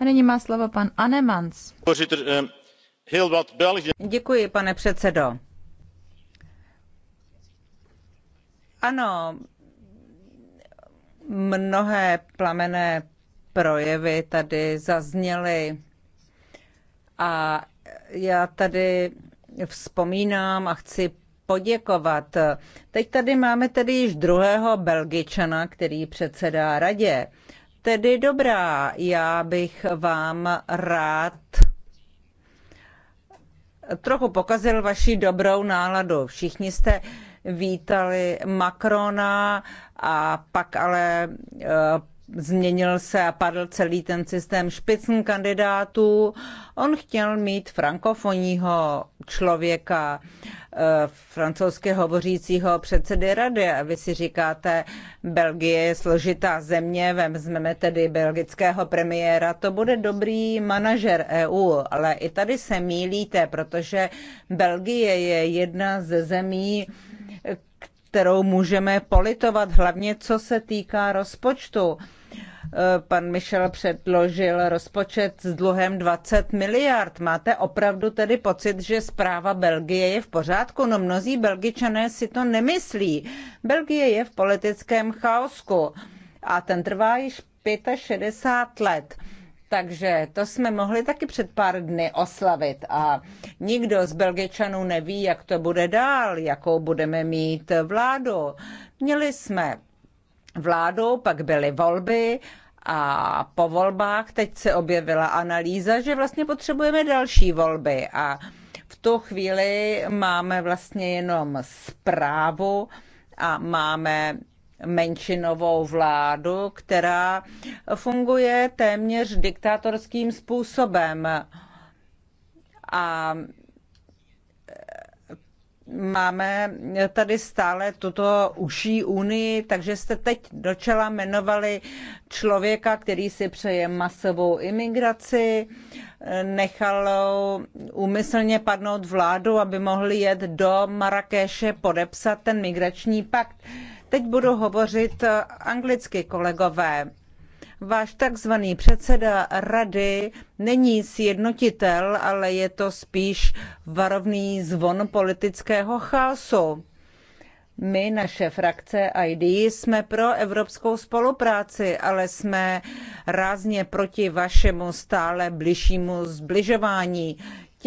A nyní má slovo pan Anemans. Eh, Děkuji, pane předsedo Ano, mnohé plamené projevy tady zazněly a já tady vzpomínám a chci poděkovat. Teď tady máme tedy již druhého Belgičana, který předsedá radě. Tedy dobrá, já bych vám rád trochu pokazil vaši dobrou náladu. Všichni jste vítali Macrona a pak ale eh, změnil se a padl celý ten systém špicn kandidátů. On chtěl mít frankofonního člověka, eh, francouzsky hovořícího předsedy rady. A vy si říkáte, Belgie je složitá země, vezmeme tedy belgického premiéra, to bude dobrý manažer EU. Ale i tady se mílíte, protože Belgie je jedna ze zemí, kterou můžeme politovat, hlavně co se týká rozpočtu. Pan Michel předložil rozpočet s dluhem 20 miliard. Máte opravdu tedy pocit, že zpráva Belgie je v pořádku? No mnozí belgičané si to nemyslí. Belgie je v politickém chaosku a ten trvá již 65 let. Takže to jsme mohli taky před pár dny oslavit a nikdo z Belgičanů neví, jak to bude dál, jakou budeme mít vládu. Měli jsme vládu, pak byly volby a po volbách teď se objevila analýza, že vlastně potřebujeme další volby a v tu chvíli máme vlastně jenom zprávu a máme menšinovou vládu, která funguje téměř diktátorským způsobem. A máme tady stále tuto uší unii, takže jste teď do čela jmenovali člověka, který si přeje masovou imigraci, nechal úmyslně padnout vládu, aby mohli jet do Marrakeše podepsat ten migrační pakt. Teď budu hovořit anglicky, kolegové. Váš takzvaný předseda rady není sjednotitel, ale je to spíš varovný zvon politického chaosu. My, naše frakce ID, jsme pro evropskou spolupráci, ale jsme rázně proti vašemu stále bližšímu zbližování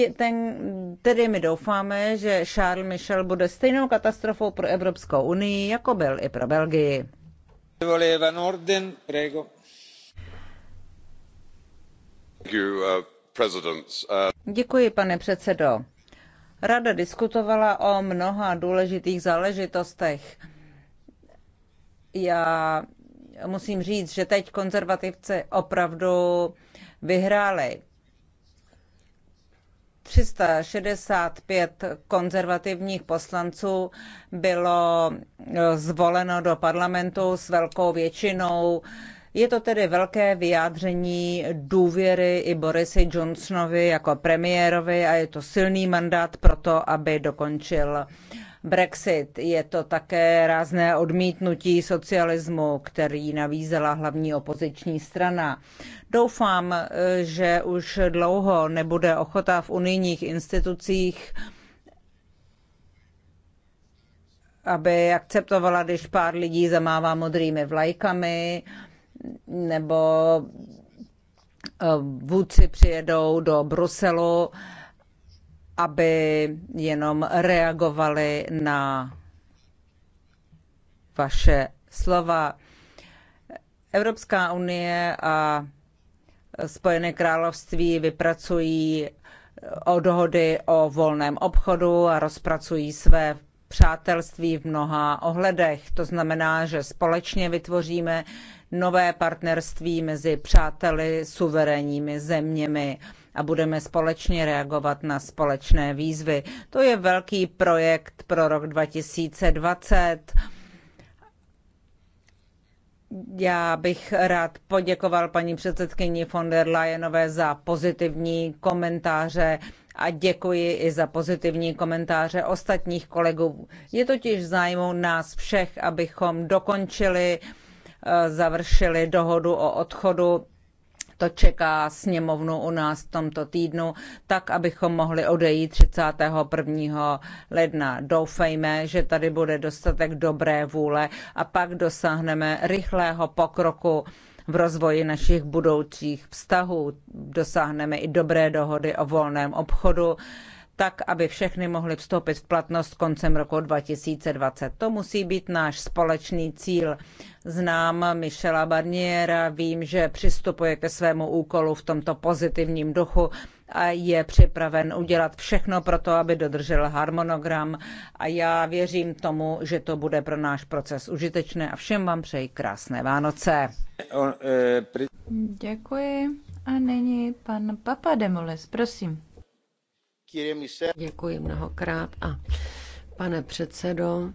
ten, tedy my doufáme, že Charles Michel bude stejnou katastrofou pro Evropskou unii, jako byl i pro Belgii. Uh, uh, Děkuji, pane předsedo. Rada diskutovala o mnoha důležitých záležitostech. Já musím říct, že teď konzervativci opravdu vyhráli 365 konzervativních poslanců bylo eh, zvoleno do parlamentu s velkou většinou. Je to tedy velké vyjádření důvěry i Borisy Johnsonovi jako premiérovi a je to silný mandát pro to, aby dokončil Brexit. Je to také rázné odmítnutí socialismu, který navízela hlavní opoziční strana. Doufám, že už dlouho nebude ochota v unijních institucích aby akceptovala, když pár lidí zamává modrými vlajkami, nebo vůdci přijedou do Bruselu aby jenom reagovali na vaše slova. Evropská unie a Spojené království vypracují eh, o dohody o volném obchodu a rozpracují své přátelství v mnoha ohledech. To znamená, že společně vytvoříme nové partnerství mezi přáteli suverénními zeměmi a budeme společně reagovat na společné výzvy. To je velký projekt pro rok 2020. Já bych rád poděkoval paní předsedkyni von der Leyenové za pozitivní komentáře a děkuji i za pozitivní komentáře ostatních kolegů. Je totiž zájmu nás všech, abychom dokončili, eh, završili dohodu o odchodu to čeká sněmovnu u nás v tomto týdnu, tak abychom mohli odejít 31. ledna. Doufejme, že tady bude dostatek dobré vůle a pak dosáhneme rychlého pokroku v rozvoji našich budoucích vztahů. Dosáhneme i dobré dohody o volném obchodu tak aby všechny mohly vstoupit v platnost koncem roku 2020. To musí být náš společný cíl. Znám Michela Barniera, vím, že přistupuje ke svému úkolu v tomto pozitivním duchu a je připraven udělat všechno pro to, aby dodržel harmonogram a já věřím tomu, že to bude pro náš proces užitečné a všem vám přeji krásné Vánoce. Děkuji. A nyní pan Papademoles, prosím. Děkuji mnohokrát a pane předsedo,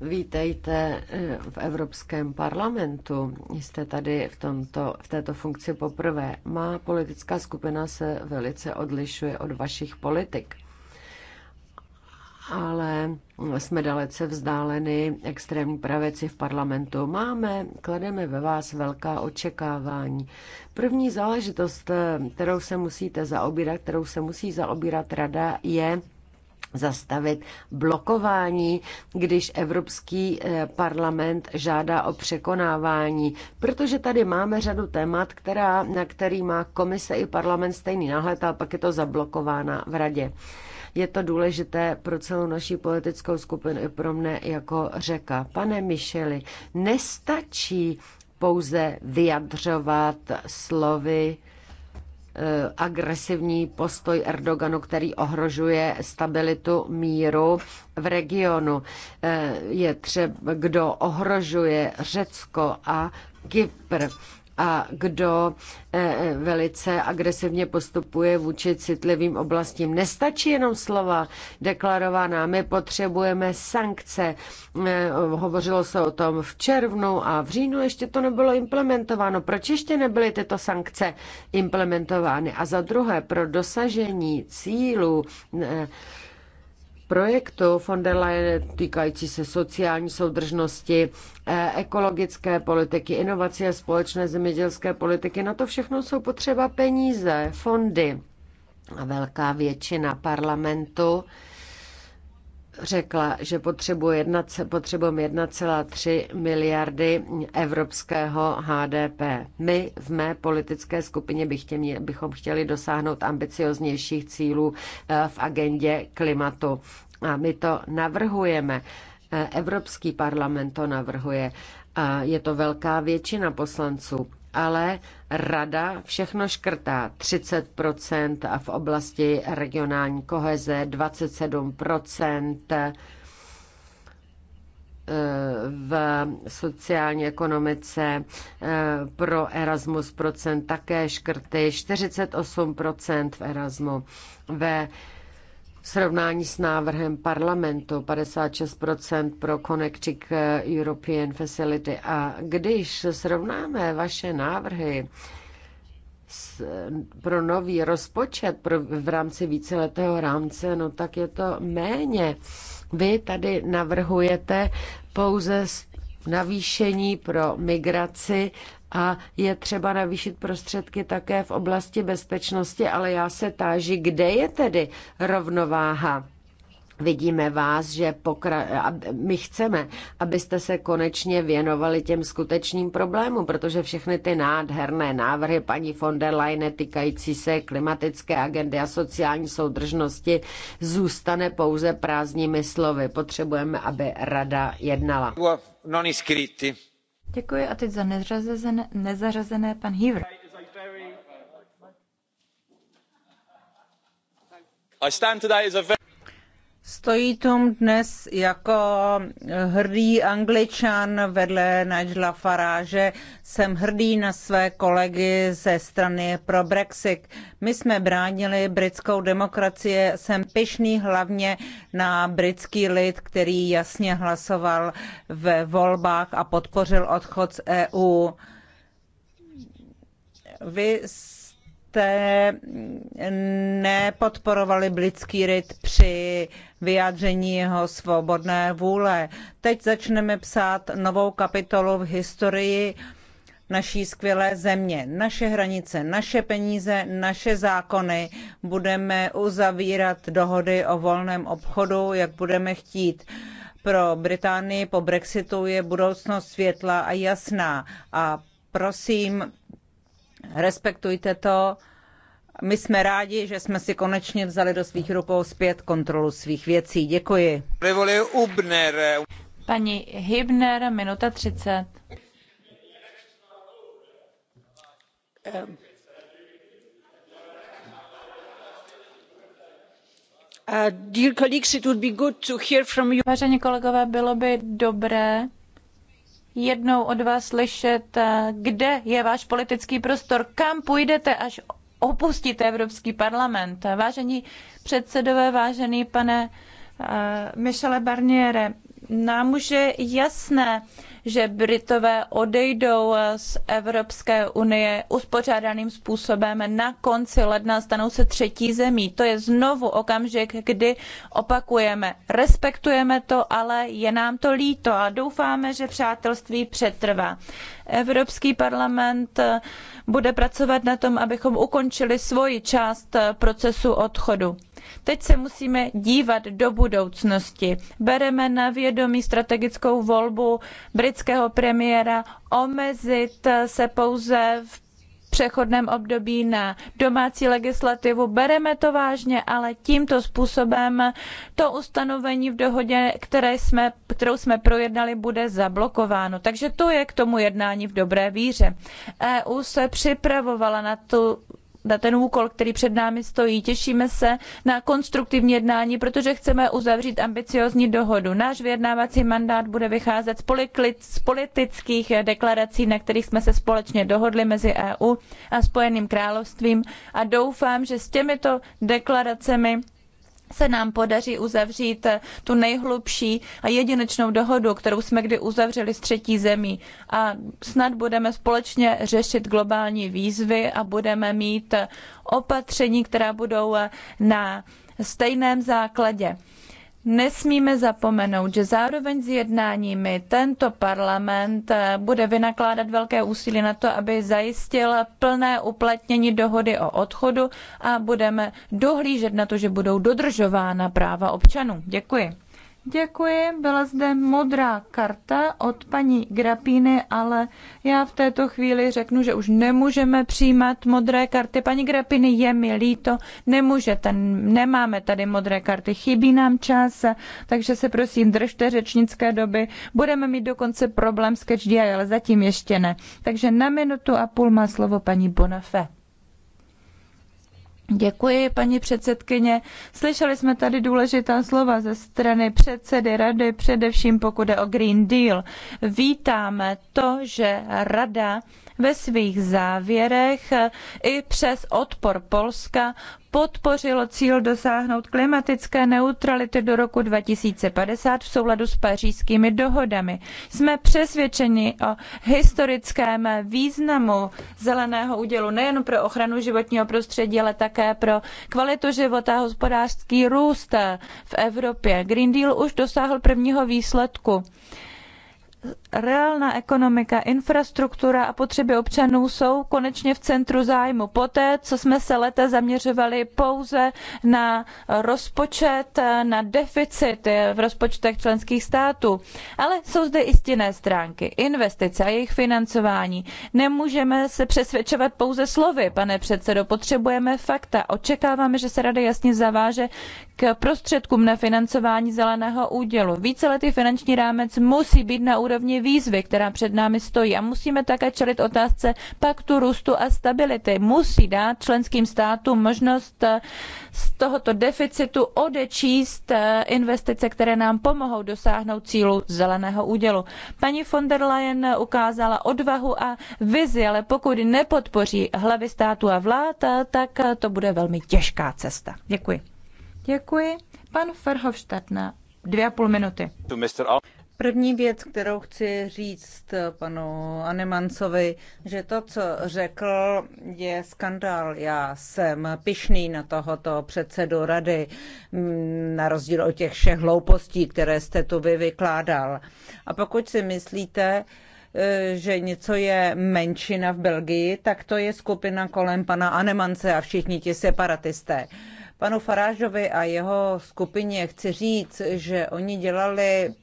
Vítejte eh, v Evropském parlamentu. Jste tady v, tomto, v této funkci poprvé. Má politická skupina se velice odlišuje od vašich politik ale jsme dalece vzdáleni extrémní pravici v parlamentu. Máme, klademe ve vás velká očekávání. První záležitost, kterou se musíte zaobírat, kterou se musí zaobírat rada, je zastavit blokování, když Evropský eh, parlament žádá o překonávání, protože tady máme řadu témat, která, na který má komise i parlament stejný náhled, a pak je to zablokována v radě. Je to důležité pro celou naší politickou skupinu i pro mne jako řeka. Pane Micheli, nestačí pouze vyjadřovat slovy e, agresivní postoj Erdoganu, který ohrožuje stabilitu míru v regionu. E, je třeba, kdo ohrožuje Řecko a Kypr a kdo eh, eh, velice agresivně postupuje vůči citlivým oblastím. Nestačí jenom slova deklarovaná, my potřebujeme sankce. Eh, hovořilo se o tom v červnu a v říjnu ještě to nebylo implementováno. Proč ještě nebyly tyto sankce implementovány? A za druhé, pro dosažení cílů projektu von der Leyen týkající se sociální soudržnosti, eh, ekologické politiky, inovace a společné zemědělské politiky. Na to všechno jsou potřeba peníze, fondy. A velká většina parlamentu řekla, že potřebujeme 1,3 miliardy evropského HDP. My v mé politické skupině bychom chtěli dosáhnout ambicioznějších cílů eh, v agendě klimatu. A my to navrhujeme. Eh, Evropský parlament to navrhuje. A je to velká většina poslanců ale rada všechno škrtá. 30% a v oblasti regionální koheze 27% eh, v sociální ekonomice eh, pro Erasmus procent také škrty, 48 v Erasmu, ve srovnání s návrhem parlamentu 56% pro Connecting eh, European Facility. A když srovnáme vaše návrhy s, eh, pro nový rozpočet pro, v rámci víceletého rámce, no tak je to méně. Vy tady navrhujete pouze navýšení pro migraci a je třeba navýšit prostředky také v oblasti bezpečnosti, ale já se táži, kde je tedy rovnováha. Vidíme vás, že pokra... my chceme, abyste se konečně věnovali těm skutečným problémům, protože všechny ty nádherné návrhy paní von der Leyen týkající se klimatické agendy a sociální soudržnosti zůstane pouze prázdnými slovy. Potřebujeme, aby rada jednala. Děkuji a teď za nezařazené, nezařazené pan Heaver. I stand today as a very... Stojí tom dnes jako hrdý angličan vedle Nigela Faráže. Jsem hrdý na své kolegy ze strany pro Brexit. My jsme bránili britskou demokracii. Jsem pišný hlavně na britský lid, který jasně hlasoval ve volbách a podpořil odchod z EU. Vy jste nepodporovali ryt při vyjádření jeho svobodné vůle. Teď začneme psát novou kapitolu v historii naší skvělé země. Naše hranice, naše peníze, naše zákony. Budeme uzavírat dohody o volném obchodu, jak budeme chtít. Pro Británii po Brexitu je budoucnost světla a jasná. A prosím, respektujte to. My jsme rádi, že jsme si konečně vzali do svých rukou zpět kontrolu svých věcí. Děkuji. Paní Hibner, minuta 30. Uh, vážení kolegové bylo by dobré jednou od vás slyšet, eh, kde je váš politický prostor, kam půjdete, až opustíte Evropský parlament. Vážení předsedové, vážený pane eh, Michele Barniere, nám už je jasné, že Britové odejdou eh, z Evropské unie uspořádaným způsobem na konci ledna stanou se třetí zemí. To je znovu okamžik, kdy opakujeme, respektujeme to, ale je nám to líto a doufáme, že přátelství přetrvá. Evropský parlament eh, bude pracovat na tom, abychom ukončili svoji část eh, procesu odchodu. Teď se musíme dívat do budoucnosti. Bereme na vědomí strategickou volbu britského premiéra omezit se pouze v přechodném období na domácí legislativu. Bereme to vážně, ale tímto způsobem to ustanovení v dohodě, které jsme, kterou jsme projednali, bude zablokováno. Takže to je k tomu jednání v dobré víře. EU se připravovala na tu na ten úkol, který před námi stojí. Těšíme se na konstruktivní jednání, protože chceme uzavřít ambiciozní dohodu. Náš vyjednávací mandát bude vycházet z politických deklarací, na kterých jsme se společně dohodli mezi EU a Spojeným královstvím a doufám, že s těmito deklaracemi se nám podaří uzavřít tu nejhlubší a jedinečnou dohodu, kterou jsme kdy uzavřeli s třetí zemí. A snad budeme společně řešit globální výzvy a budeme mít opatření, která budou na stejném základě. Nesmíme zapomenout, že zároveň s jednáními tento parlament eh, bude vynakládat velké úsilí na to, aby zajistil plné uplatnění dohody o odchodu a budeme dohlížet na to, že budou dodržována práva občanů. Děkuji. Děkuji, byla zde modrá karta od paní Grapíny, ale já v této chvíli řeknu, že už nemůžeme přijímat modré karty. Paní Grapiny, je mi líto, nemůžete, nemáme tady modré karty, chybí nám čas, takže se prosím držte řečnické doby. Budeme mít dokonce problém s catch ale zatím ještě ne. Takže na minutu a půl má slovo paní Bonafé. Děkuji, paní předsedkyně. Slyšeli jsme tady důležitá slova ze strany předsedy rady, především pokud je o Green Deal. Vítáme to, že rada ve svých závěrech i přes odpor Polska podpořilo cíl dosáhnout klimatické neutrality do roku 2050 v souladu s pařížskými dohodami. Jsme přesvědčeni o historickém významu zeleného údělu nejen pro ochranu životního prostředí, ale také pro kvalitu života a hospodářský růst v Evropě. Green Deal už dosáhl prvního výsledku reálná ekonomika, infrastruktura a potřeby občanů jsou konečně v centru zájmu. Poté, co jsme se leta zaměřovali pouze na rozpočet, na deficit v rozpočtech členských států. Ale jsou zde i stinné stránky, investice a jejich financování. Nemůžeme se přesvědčovat pouze slovy, pane předsedo, potřebujeme fakta. Očekáváme, že se rada jasně zaváže k prostředkům na financování zeleného údělu. Víceletý finanční rámec musí být na úrovni všechny výzvy, která před námi stojí. A musíme také čelit otázce paktu růstu a stability. Musí dát členským státům možnost eh, z tohoto deficitu odečíst eh, investice, které nám pomohou dosáhnout cílu zeleného údělu. Paní von der Leyen ukázala odvahu a vizi, ale pokud nepodpoří hlavy států a vlád, eh, tak to bude velmi těžká cesta. Děkuji. Děkuji. Pan Ferhofstadt na dvě a půl minuty. První věc, kterou chci říct eh, panu Anemancovi, že to, co řekl, je skandál. Já jsem pišný na tohoto předsedu rady, mm, na rozdíl od těch všech hloupostí, které jste tu vy vykládal. A pokud si myslíte, eh, že něco je menšina v Belgii, tak to je skupina kolem pana Anemance a všichni ti separatisté. Panu Farážovi a jeho skupině chci říct, že oni dělali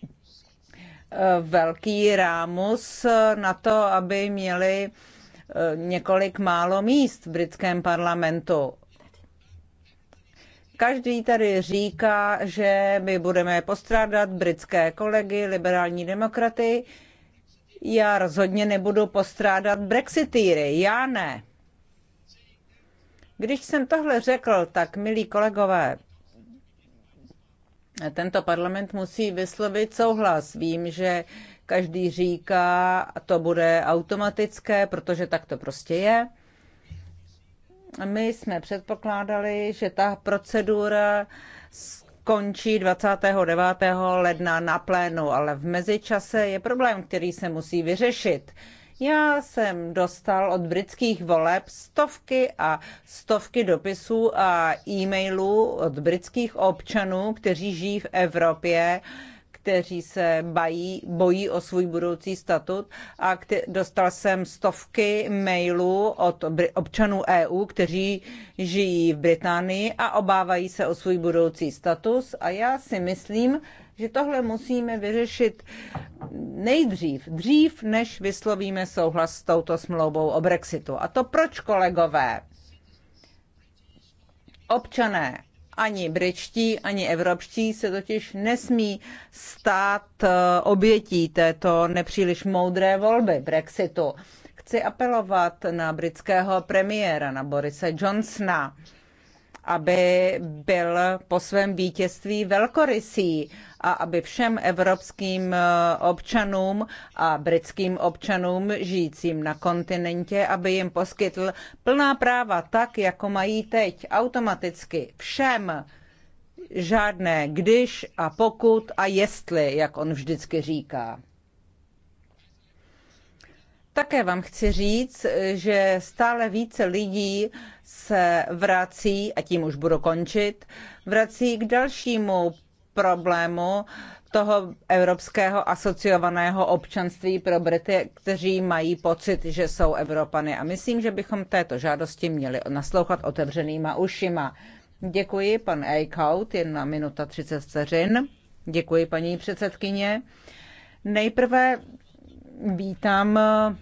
velký rámus na to, aby měli eh, několik málo míst v britském parlamentu. Každý tady říká, že my budeme postrádat britské kolegy, liberální demokraty. Já rozhodně nebudu postrádat brexitýry, já ne. Když jsem tohle řekl, tak milí kolegové, tento parlament musí vyslovit souhlas. Vím, že každý říká, a to bude automatické, protože tak to prostě je. My jsme předpokládali, že ta procedura skončí 29. ledna na plénu, ale v mezičase je problém, který se musí vyřešit. Já jsem dostal od britských voleb stovky a stovky dopisů a e-mailů od britských občanů, kteří žijí v Evropě, kteří se bají, bojí o svůj budoucí statut a kte- dostal jsem stovky mailů od občanů EU, kteří žijí v Británii a obávají se o svůj budoucí status a já si myslím, že tohle musíme vyřešit nejdřív, dřív, než vyslovíme souhlas s touto smlouvou o Brexitu. A to proč, kolegové? Občané, ani britští, ani evropští se totiž nesmí stát eh, obětí této nepříliš moudré volby Brexitu. Chci apelovat na britského premiéra, na Borise Johnsona aby byl po svém vítězství velkorysý a aby všem evropským eh, občanům a britským občanům žijícím na kontinentě, aby jim poskytl plná práva tak, jako mají teď, automaticky všem. Žádné když a pokud a jestli, jak on vždycky říká. Také vám chci říct, že stále více lidí se vrací, a tím už budu končit, vrací k dalšímu problému toho evropského asociovaného občanství pro Brity, kteří mají pocit, že jsou Evropany. A myslím, že bychom této žádosti měli naslouchat otevřenýma ušima. Děkuji, pan Eichhout, jedna minuta 30 vteřin. Děkuji, paní předsedkyně. Nejprve vítám eh,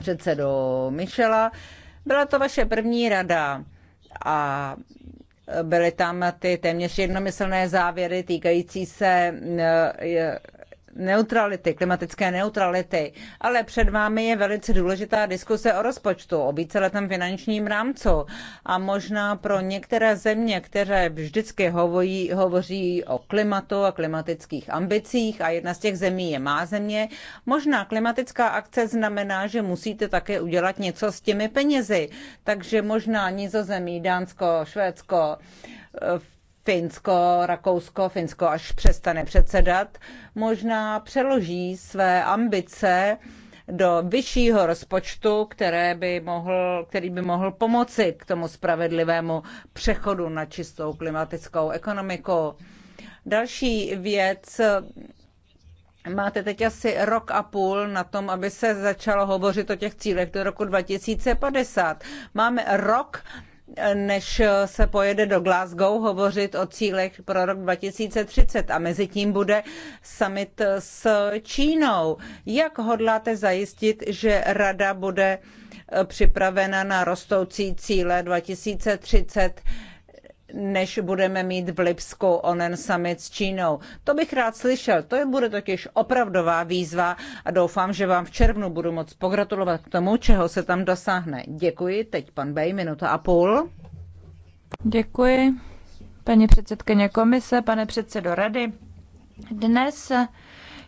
předsedu Michela. Byla to vaše první rada a byly tam ty téměř jednomyslné závěry týkající se eh, neutrality, klimatické neutrality, ale před vámi je velice důležitá diskuse o rozpočtu, o víceletém finančním rámcu a možná pro některé země, které vždycky hovojí, hovoří o klimatu a klimatických ambicích a jedna z těch zemí je má země, možná klimatická akce znamená, že musíte také udělat něco s těmi penězi. Takže možná Nizozemí, Dánsko, Švédsko, eh, Finsko, Rakousko, Finsko až přestane předsedat, možná přeloží své ambice do vyššího rozpočtu, které by mohl, který by mohl pomoci k tomu spravedlivému přechodu na čistou klimatickou ekonomiku. Další věc, Máte teď asi rok a půl na tom, aby se začalo hovořit o těch cílech do roku 2050. Máme rok než se pojede do Glasgow hovořit o cílech pro rok 2030 a mezi tím bude summit s Čínou. Jak hodláte zajistit, že rada bude připravena na rostoucí cíle 2030 než budeme mít v Lipsku onen summit s Čínou. To bych rád slyšel. To je bude totiž opravdová výzva a doufám, že vám v červnu budu moc pogratulovat k tomu, čeho se tam dosáhne. Děkuji. Teď pan Bej, minuta a půl. Děkuji. Paní předsedkyně komise, pane předsedo rady, dnes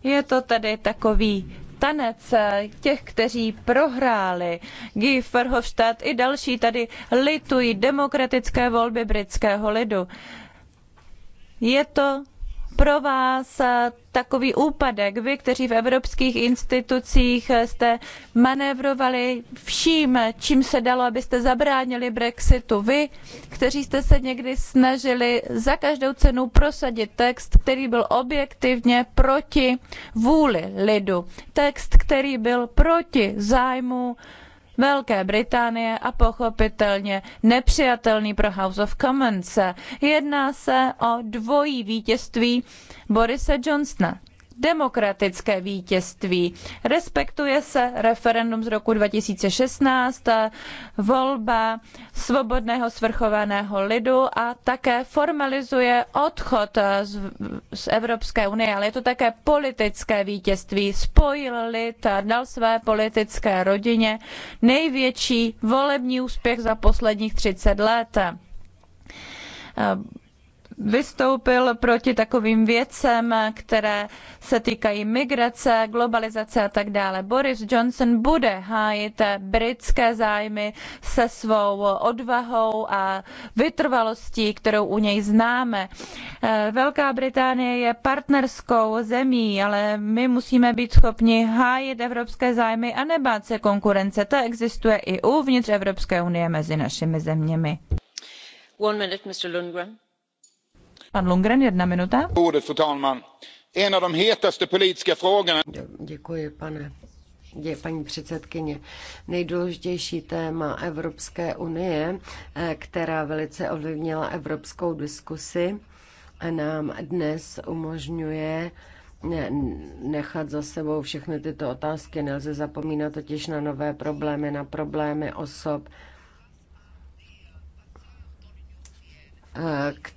je to tedy takový tanec eh, těch, kteří prohráli. Guy Verhofstadt i další tady litují demokratické volby britského lidu. Je to pro vás takový úpadek. Vy, kteří v evropských institucích jste manévrovali vším, čím se dalo, abyste zabránili Brexitu. Vy, kteří jste se někdy snažili za každou cenu prosadit text, který byl objektivně proti vůli lidu. Text, který byl proti zájmu Velké Británie a pochopitelně nepřijatelný pro House of Commons. Jedná se o dvojí vítězství Borise Johnsona demokratické vítězství. Respektuje se referendum z roku 2016, volba svobodného svrchovaného lidu a také formalizuje odchod z, Evropské unie, ale je to také politické vítězství. Spojil lid a dal své politické rodině největší volební úspěch za posledních 30 let vystoupil proti takovým věcem, které se týkají migrace, globalizace a tak dále. Boris Johnson bude hájit britské zájmy se svou odvahou a vytrvalostí, kterou u něj známe. Velká Británie je partnerskou zemí, ale my musíme být schopni hájit evropské zájmy a nebát se konkurence. Ta existuje i uvnitř Evropské unie mezi našimi zeměmi. One minute, Mr. Lundgren Lundgren, jedna minuta. Děkuji, pane paní předsedkyně. Nejdůležitější téma Evropské unie, eh, která velice ovlivnila evropskou diskusi, eh, nám dnes umožňuje eh, nechat za sebou všechny tyto otázky. Nelze zapomínat totiž na nové problémy, na problémy osob, které